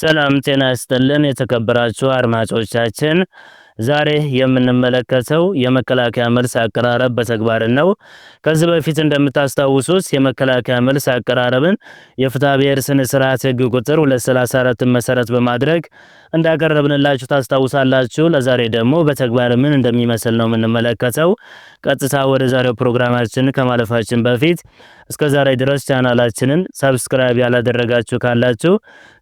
ሰላም ጤና ይስጥልን የተከበራችሁ አድማጮቻችን፣ ዛሬ የምንመለከተው የመከላከያ መልስ አቀራረብ በተግባርን ነው። ከዚህ በፊት እንደምታስታውሱት የመከላከያ መልስ አቀራረብን የፍትሐ ብሔር ስነ ስርዓት ህግ ቁጥር 234 መሰረት በማድረግ እንዳቀረብንላችሁ ታስታውሳላችሁ። ለዛሬ ደግሞ በተግባር ምን እንደሚመስል ነው የምንመለከተው። ቀጥታ ወደ ዛሬው ፕሮግራማችን ከማለፋችን በፊት እስከ ዛሬ ድረስ ቻናላችንን ሰብስክራይብ ያላደረጋችሁ ካላችሁ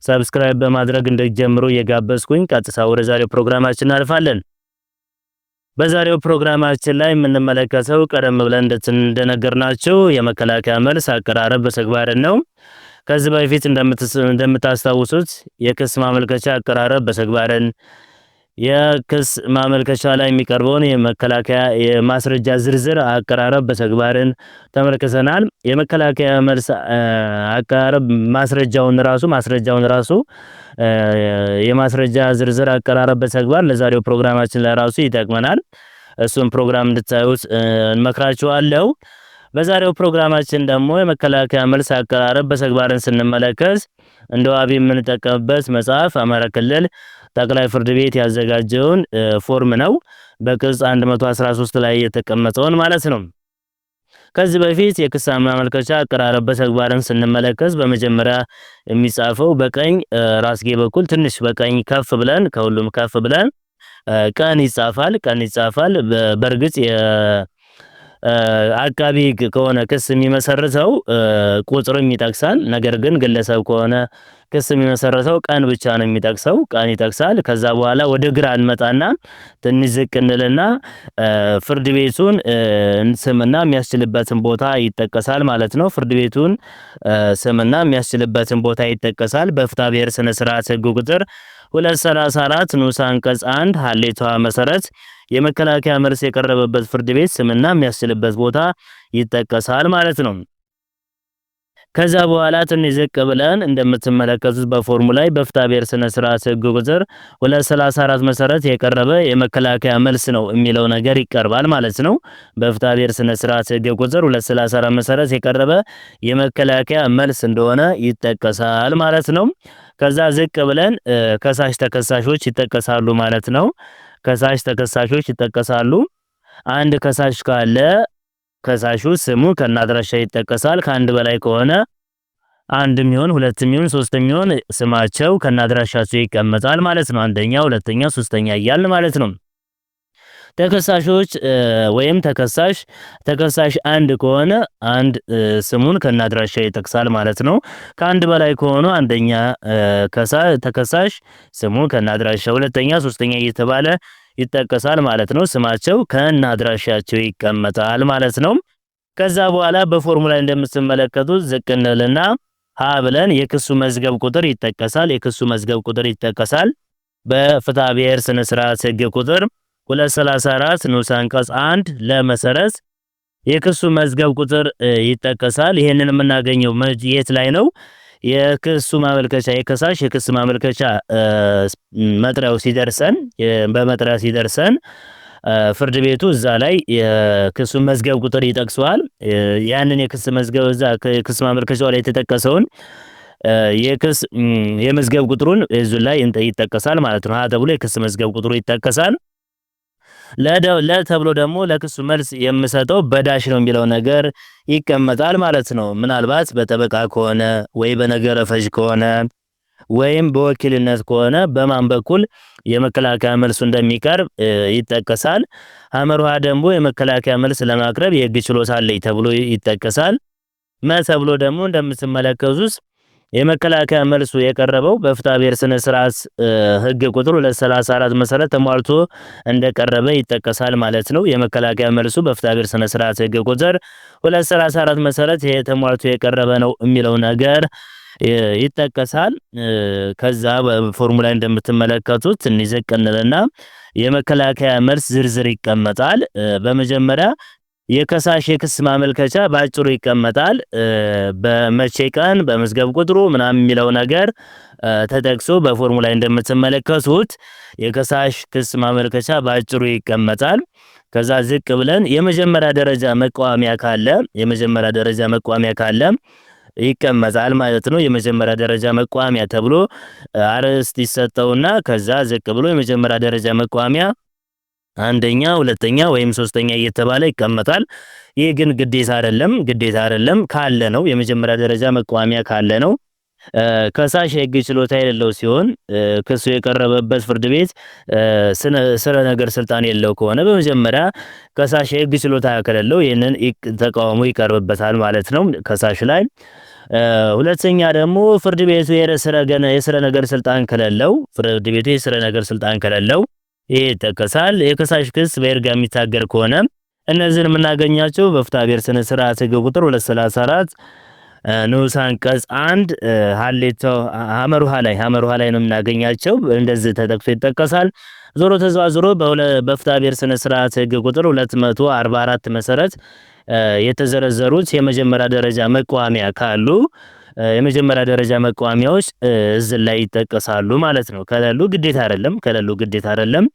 ሰብስክራይብ በማድረግ እንድትጀምሩ እየጋበዝኩኝ ቀጥታ ወደ ዛሬው ፕሮግራማችን እናልፋለን። በዛሬው ፕሮግራማችን ላይ የምንመለከተው ቀደም ብለን እንደነገርናችሁ የመከላከያ መልስ አቀራረብ በተግባርን ነው። ከዚህ በፊት እንደምታስታውሱት የክስ ማመልከቻ አቀራረብ በተግባርን የክስ ማመልከቻ ላይ የሚቀርበውን የመከላከያ የማስረጃ ዝርዝር አቀራረብ በተግባርን ተመልክተናል። የመከላከያ መልስ አቀራረብ ማስረጃውን ራሱ ማስረጃውን ራሱ የማስረጃ ዝርዝር አቀራረብ በተግባር ለዛሬው ፕሮግራማችን ላይ ራሱ ይጠቅመናል። እሱን ፕሮግራም እንድታዩት እንመክራችኋለሁ። በዛሬው ፕሮግራማችን ደግሞ የመከላከያ መልስ አቀራረብ በተግባርን ስንመለከት እንደ ዋቢ የምንጠቀምበት መጽሐፍ አማራ ክልል ጠቅላይ ፍርድ ቤት ያዘጋጀውን ፎርም ነው፣ በቅጽ 113 ላይ የተቀመጠውን ማለት ነው። ከዚህ በፊት የክስ ማመልከቻ አቀራረብ በተግባርን ስንመለከት በመጀመሪያ የሚጻፈው በቀኝ ራስጌ በኩል ትንሽ በቀኝ ከፍ ብለን ከሁሉም ከፍ ብለን ቀን ይጻፋል። ቀን ይጻፋል በእርግጥ አቃቢ ህግ ከሆነ ክስ የሚመሰርተው ቁጥርም ይጠቅሳል። ነገር ግን ግለሰብ ከሆነ ክስ የሚመሰርተው ቀን ብቻ ነው የሚጠቅሰው፣ ቀን ይጠቅሳል። ከዛ በኋላ ወደ ግራ እንመጣና ትንሽ ዝቅ እንልና ፍርድ ቤቱን ስምና የሚያስችልበትን ቦታ ይጠቀሳል ማለት ነው። ፍርድ ቤቱን ስምና የሚያስችልበትን ቦታ ይጠቀሳል በፍትሐ ብሔር ስነ ስርዓት ቁጥር 234 ንዑስ አንቀጽ 1 ሀሌቷ መሰረት የመከላከያ መልስ የቀረበበት ፍርድ ቤት ስምና የሚያስችልበት ቦታ ይጠቀሳል ማለት ነው። ከዛ በኋላ ትንሽ ዝቅ ብለን እንደምትመለከቱት በፎርሙ ላይ በፍትሐብሔር ስነ ስርዓት ህግ ቁጥር 234 መሰረት የቀረበ የመከላከያ መልስ ነው የሚለው ነገር ይቀርባል ማለት ነው። በፍትሐብሔር ስነ ስርዓት ህግ ቁጥር 234 መሰረት የቀረበ የመከላከያ መልስ እንደሆነ ይጠቀሳል ማለት ነው። ከዛ ዝቅ ብለን ከሳሽ ተከሳሾች ይጠቀሳሉ ማለት ነው። ከሳሽ ተከሳሾች ይጠቀሳሉ። አንድ ከሳሽ ካለ ከሳሹ ስሙ ከናድራሻ አድራሻ ይጠቀሳል። ከአንድ በላይ ከሆነ አንድ ሚሆን ሁለት ሚሆን ሶስት ሚሆን ስማቸው ከናድራሻቸው ይቀመጣል ማለት ነው። አንደኛ፣ ሁለተኛ፣ ሶስተኛ እያል ማለት ነው። ተከሳሾች ወይም ተከሳሽ ተከሳሽ አንድ ከሆነ አንድ ስሙን ከናድራሻ ይጠቅሳል ማለት ነው። ከአንድ በላይ ከሆኑ አንደኛ ተከሳሽ ስሙን ከናድራሻ፣ ሁለተኛ፣ ሶስተኛ እየተባለ ይጠቀሳል ማለት ነው። ስማቸው ከናድራሻቸው ይቀመጣል ማለት ነው። ከዛ በኋላ በፎርሙላ እንደምትመለከቱት ዝቅ እንልና ሀ ብለን የክሱ መዝገብ ቁጥር ይጠቀሳል። የክሱ መዝገብ ቁጥር ይጠቀሳል በፍትሐ ብሔር ስነ ስርዓት ህግ ቁጥር 234 ንዑስ አንቀጽ 1 ለመሰረት የክሱ መዝገብ ቁጥር ይጠቀሳል። ይህንን የምናገኘው የት ላይ ነው? የክሱ ማመልከቻ የከሳሽ የክስ ማመልከቻ መጥሪያው ሲደርሰን በመጥሪያ ሲደርሰን ፍርድ ቤቱ እዛ ላይ የክሱ መዝገብ ቁጥር ይጠቅሰዋል። ያንን የክስ መዝገብ እዛ ክስ ማመልከቻው ላይ የተጠቀሰውን የክስ የመዝገብ ቁጥሩን እዙ ላይ ይጠቀሳል ማለት ነው። ሀ ተብሎ የክስ መዝገብ ቁጥሩ ይጠቀሳል። ለ ተብሎ ደግሞ ለክሱ መልስ የምሰጠው በዳሽ ነው የሚለው ነገር ይቀመጣል ማለት ነው። ምናልባት በጠበቃ ከሆነ ወይ በነገረ ፈጅ ከሆነ ወይም በወኪልነት ከሆነ በማን በኩል የመከላከያ መልሱ እንደሚቀርብ ይጠቀሳል። አመርሃ ደግሞ የመከላከያ መልስ ለማቅረብ የህግ አለኝ ተብሎ ይጠቀሳል። መ ተብሎ ደግሞ እንደምትመለከቱት የመከላከያ መልሱ የቀረበው በፍትሐብሔር ስነ ስርዓት ህግ ቁጥር 234 መሰረት ተሟልቶ እንደቀረበ ይጠቀሳል ማለት ነው። የመከላከያ መልሱ በፍትሐብሔር ስነ ስርዓት ህግ ቁጥር 234 መሰረት ይሄ ተሟልቶ የቀረበ ነው የሚለው ነገር ይጠቀሳል። ከዛ በፎርሙላ እንደምትመለከቱት ትንሽ የመከላከያ መልስ ዝርዝር ይቀመጣል። በመጀመሪያ የከሳሽ የክስ ማመልከቻ በአጭሩ ይቀመጣል። በመቼ ቀን በመዝገብ ቁጥሩ ምናምን የሚለው ነገር ተጠቅሶ በፎርሙ ላይ እንደምትመለከቱት የከሳሽ ክስ ማመልከቻ በአጭሩ ይቀመጣል። ከዛ ዝቅ ብለን የመጀመሪያ ደረጃ መቃወሚያ ካለ የመጀመሪያ ደረጃ መቃወሚያ ካለ ይቀመጣል ማለት ነው። የመጀመሪያ ደረጃ መቃወሚያ ተብሎ አርዕስት ይሰጠውና ከዛ ዝቅ ብሎ የመጀመሪያ ደረጃ መቃወሚያ አንደኛ፣ ሁለተኛ ወይም ሶስተኛ እየተባለ ይቀመጣል። ይህ ግን ግዴታ አይደለም። ግዴታ አይደለም ካለ ነው የመጀመሪያ ደረጃ መቃወሚያ ካለ ነው። ከሳሽ የሕግ ችሎታ የሌለው ሲሆን ክሱ የቀረበበት ፍርድ ቤት ስረ ነገር ስልጣን የለው ከሆነ በመጀመሪያ ከሳሽ የሕግ ችሎታ ከሌለው ይህንን ተቃውሞ ይቀርብበታል ማለት ነው ከሳሽ ላይ። ሁለተኛ ደግሞ ፍርድ ቤቱ የስረ ነገር ስልጣን ከሌለው ፍርድ ቤቱ የስረ ነገር ስልጣን ከሌለው ይህ ይጠቀሳል። የከሳሽ ክስ በይርጋ የሚታገር ከሆነ እነዚህን የምናገኛቸው በፍታ ስነ ስርዓት ህግ ቁጥር 234 ንዑስ አንቀጽ 1 ሀሌቶ አመሩሃ ላይ አመሩሃ ላይ ነው የምናገኛቸው እንደዚህ ተጠቅሶ ይጠቀሳል። ዞሮ ተዘዋዝሮ በፍታ ስነ ስርዓት ህግ ቁጥር 244 መሰረት የተዘረዘሩት የመጀመሪያ ደረጃ መቋሚያ ካሉ የመጀመሪያ ደረጃ መቃወሚያዎች እዝ ላይ ይጠቀሳሉ ማለት ነው። ከሌሉ ግዴታ አይደለም፣ ከሌሉ ግዴታ አይደለም።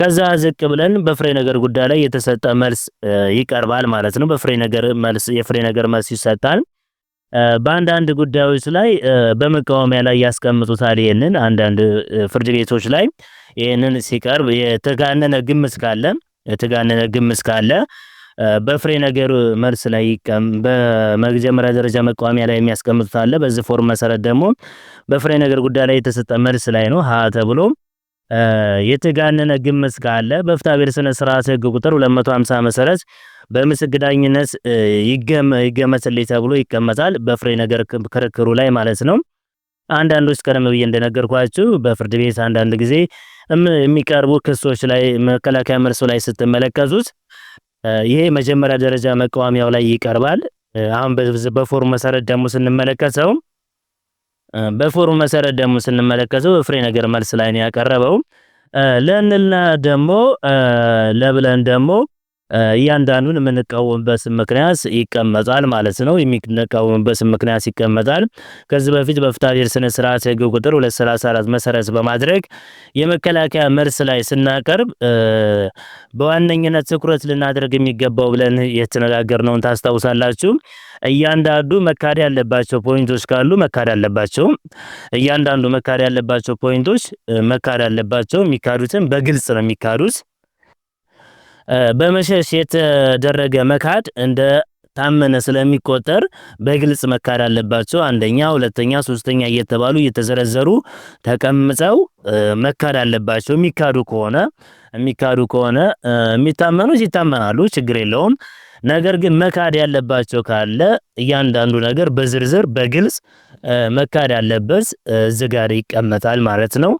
ከዛ ዝቅ ብለን በፍሬ ነገር ጉዳይ ላይ የተሰጠ መልስ ይቀርባል ማለት ነው። በፍሬ ነገር መልስ የፍሬ ነገር መልስ ይሰጣል። በአንዳንድ ጉዳዮች ላይ በመቃወሚያ ላይ ያስቀምጡታል። ይህንን አንዳንድ ፍርድ ቤቶች ላይ ይህንን ሲቀርብ የተጋነነ ግምት ካለ የተጋነነ ግምት ካለ በፍሬ ነገር መልስ ላይ በመጀመሪያ ደረጃ መቃወሚያ ላይ የሚያስቀምጡት አለ። በዚህ ፎርም መሰረት ደግሞ በፍሬ ነገር ጉዳይ ላይ የተሰጠ መልስ ላይ ነው ሀ ተብሎ የተጋነነ ግምት ካለ በፍትሐብሔር ስነ ስርዓት ህግ ቁጥር 250 መሰረት በምስክ ዳኝነት ይገመትልኝ ተብሎ ይቀመጣል። በፍሬ ነገር ክርክሩ ላይ ማለት ነው። አንዳንዶች ቀደም ብዬ እንደነገርኳችሁ በፍርድ ቤት አንዳንድ ጊዜ የሚቀርቡ ክሶች ላይ መከላከያ መልሶ ላይ ስትመለከቱት ይሄ መጀመሪያ ደረጃ መቃወሚያው ላይ ይቀርባል። አሁን በፎርም መሰረት ደግሞ ስንመለከተው በፎርም መሰረት ደግሞ ስንመለከተው ፍሬ ነገር መልስ ላይ ነው ያቀረበው ለንልና ደግሞ ለብለን ደግሞ እያንዳንዱን የምንቃወምበት ምክንያት ይቀመጣል ማለት ነው። የሚንቃወምበት ምክንያት ይቀመጣል። ከዚህ በፊት በፍትሐብሔር ስነ ስርዓት ህግ ቁጥር 234 መሰረት በማድረግ የመከላከያ መልስ ላይ ስናቀርብ በዋነኝነት ትኩረት ልናደርግ የሚገባው ብለን የተነጋገርነውን ታስታውሳላችሁ። እያንዳንዱ መካድ ያለባቸው ፖይንቶች ካሉ መካድ አለባቸው። እያንዳንዱ መካድ ያለባቸው ፖይንቶች መካድ አለባቸው። የሚካዱትን በግልጽ ነው የሚካዱት በመሸሽ የተደረገ መካድ እንደ ታመነ ስለሚቆጠር በግልጽ መካድ አለባቸው። አንደኛ፣ ሁለተኛ፣ ሶስተኛ እየተባሉ እየተዘረዘሩ ተቀምጠው መካድ አለባቸው። የሚካዱ ከሆነ የሚካዱ ከሆነ የሚታመኑ ይታመናሉ፣ ችግር የለውም። ነገር ግን መካድ ያለባቸው ካለ እያንዳንዱ ነገር በዝርዝር በግልጽ መካድ ያለበት እዚህ ጋር ይቀመጣል ማለት ነው።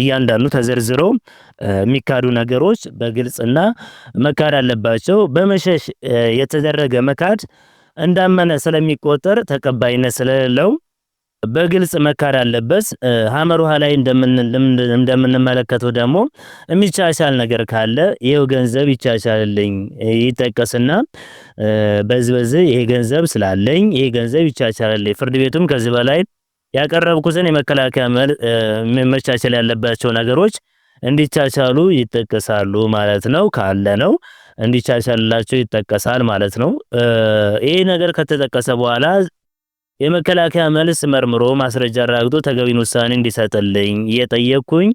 እያንዳንዱ ተዘርዝሮ የሚካዱ ነገሮች በግልጽና መካድ አለባቸው። በመሸሽ የተደረገ መካድ እንዳመነ ስለሚቆጠር ተቀባይነት ስለሌለው በግልጽ መካድ አለበት። ሀመር ውሃ ላይ እንደምንመለከተው ደግሞ የሚቻቻል ነገር ካለ ይኸው ገንዘብ ይቻቻልልኝ ይጠቀስና በዚህ በዚህ ይሄ ገንዘብ ስላለኝ ይሄ ገንዘብ ይቻሻልልኝ ፍርድ ቤቱም ከዚህ በላይ ያቀረብኩትን የመከላከያ መቻቸል ያለባቸው ነገሮች እንዲቻቻሉ ይጠቀሳሉ ማለት ነው። ካለ ነው እንዲቻቻልላቸው ይጠቀሳል ማለት ነው። ይሄ ነገር ከተጠቀሰ በኋላ የመከላከያ መልስ መርምሮ ማስረጃ አረጋግጦ ተገቢን ውሳኔ እንዲሰጥልኝ እየጠየቅኩኝ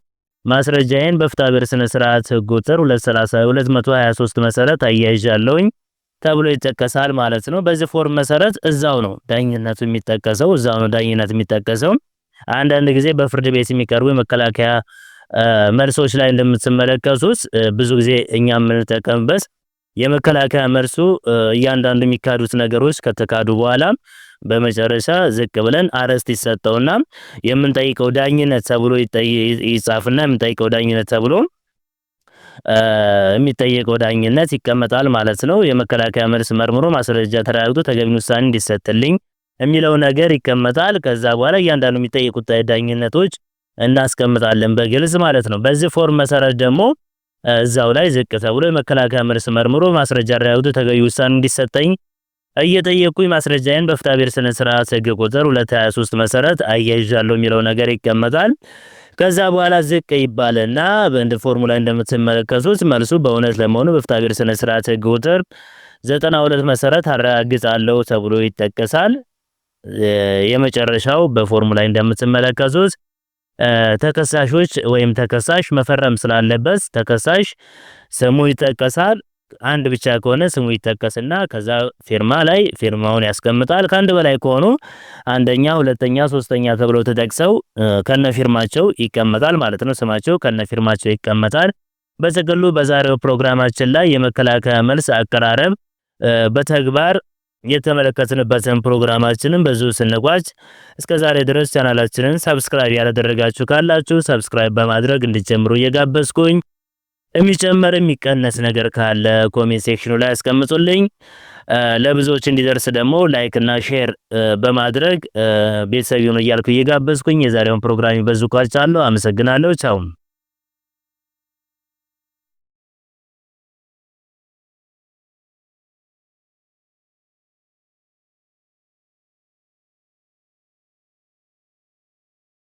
ማስረጃዬን በፍትሐብሔር ስነ ስርዓት ህግ ቁጥር 223 መሰረት አያይዣለሁኝ ተብሎ ይጠቀሳል ማለት ነው። በዚህ ፎርም መሰረት እዛው ነው ዳኝነቱ የሚጠቀሰው፣ እዛው ነው ዳኝነት የሚጠቀሰው። አንዳንድ ጊዜ በፍርድ ቤት የሚቀርቡ የመከላከያ መልሶች ላይ እንደምትመለከቱት ብዙ ጊዜ እኛ የምንጠቀምበት የመከላከያ መልሱ እያንዳንዱ የሚካዱት ነገሮች ከተካዱ በኋላ በመጨረሻ ዝቅ ብለን አረስት ይሰጠውና የምንጠይቀው ዳኝነት ተብሎ ይጻፍና የምንጠይቀው ዳኝነት ተብሎ የሚጠየቀው ዳኝነት ይቀመጣል ማለት ነው። የመከላከያ መልስ መርምሮ ማስረጃ ተረጋግጦ ተገቢን ውሳኔ እንዲሰጥልኝ የሚለው ነገር ይቀመጣል። ከዛ በኋላ እያንዳንዱ የሚጠየቁት ዳኝነቶች እናስቀምጣለን በግልጽ ማለት ነው። በዚህ ፎርም መሰረት ደግሞ እዛው ላይ ዝቅ ተብሎ የመከላከያ መልስ መርምሮ ማስረጃ ተረጋግጦ ተገቢውን ውሳኔ እንዲሰጠኝ እየጠየቁኝ ማስረጃዬን በፍትሐብሔር ስነ ስርዓት ህግ ቁጥር 223 መሰረት አያይዣለሁ የሚለው ነገር ይቀመጣል። ከዛ በኋላ ዝቅ ይባልና በእንድ ፎርሙላ እንደምትመለከቱት መልሱ በእውነት ለመሆኑ በፍትሐብሔር ስነ ስርዓት ህግ ቁጥር 92 መሰረት አረጋግጣለሁ ተብሎ ይጠቀሳል። የመጨረሻው በፎርሙ ላይ እንደምትመለከቱት ተከሳሾች ወይም ተከሳሽ መፈረም ስላለበት ተከሳሽ ስሙ ይጠቀሳል። አንድ ብቻ ከሆነ ስሙ ይጠቀስና ከዛ ፊርማ ላይ ፊርማውን ያስቀምጣል። ከአንድ በላይ ከሆኑ አንደኛ፣ ሁለተኛ፣ ሶስተኛ ተብሎ ተጠቅሰው ከነ ፊርማቸው ይቀመጣል ማለት ነው። ስማቸው ከነ ፊርማቸው ይቀመጣል። በጥቅሉ በዛሬው ፕሮግራማችን ላይ የመከላከያ መልስ አቀራረብ በተግባር የተመለከትንበትን ፕሮግራማችንን ብዙ ስንቋጭ፣ እስከ ዛሬ ድረስ ቻናላችንን ሰብስክራይብ ያላደረጋችሁ ካላችሁ ሰብስክራይብ በማድረግ እንዲጀምሩ እየጋበዝኩኝ የሚጨመር የሚቀነስ ነገር ካለ ኮሜንት ሴክሽኑ ላይ አስቀምጡልኝ። ለብዙዎች እንዲደርስ ደግሞ ላይክ እና ሼር በማድረግ ቤተሰብ ይሁኑ እያልኩ እየጋበዝኩኝ የዛሬውን ፕሮግራም በዙ ቋጫለሁ። አመሰግናለሁ። ቻው